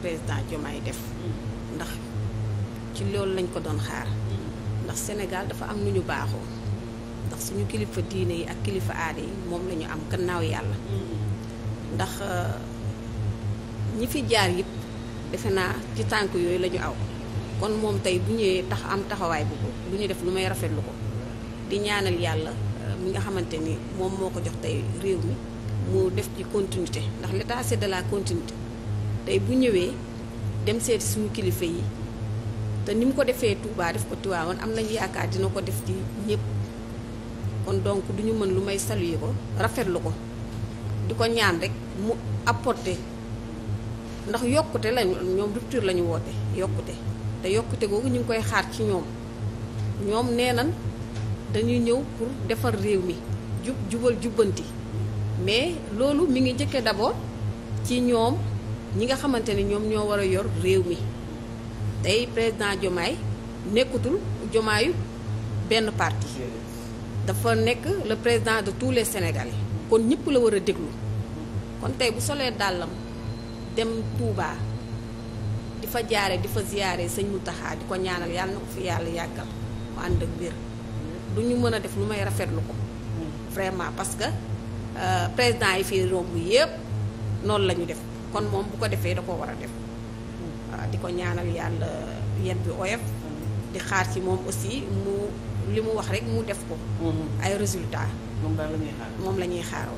président jomaay def ndax ci loolu lañ ko doon xaar ndax Sénégal dafa am lu ñu baaxoo ndax suñu kilifa diine yi ak kilifa aada yi moom la ñu am gannaaw yàlla ndax euh, ñi fi jaar yëpp defe naa ci tànk yooyu la ñu aw kon moom tey bu ñëwee tax am taxawaay bu ko bu ñu def lu may rafetlu ko di ñaanal yàlla euh, mi nga xamante ni moom moo ko jox tey réew mi mu def ci continuité ndax l'état c'est de la continuité tey bu ñëwee dem seeti suñu kilifa yi te ni mu ko defee Touba def ko Tiwaawoon am nañu yaakaar dina ko def ci ñëpp kon donc du ñu mën lu may saluer ko rafetlu ko di ko ñaan rek mu apporter ndax yokkute lañu ñoom rupture la ñu woote yokkute te yokkute googu ñu ngi koy xaar ci ñoom ñoom nee nan dañuy ñëw pour defar réew mi jub jubal jubbanti mais loolu mu ngi njëkkee d'abord ci ñoom ñi nga xamante ni ñoom ñoo war a yor réew mi tey président jomaay nekkatul Diomaayu benn parti dafa nekk le président de tous les Sénégalais kon ñëpp la war a déglu kon tey bu solee dàllam dem Touba di fa jaare di fa ziyaare sëñ Mountakha di ko ñaanal yàlla na ko fi yàlla yàggal mu ànd ak du ñu mën a def lu may rafetlu ko vraiment parce que euh, président yi fii romb yépp noonu la ñu def kon moom bu ko defee da koo war a def ah, di ko ñaanal yàlla yen bi oyof di xaar ci moom aussi mu li mu wax rek mu def ko mm-hmm. ay résultat moom la ñuy xaar moom la ñuy xaar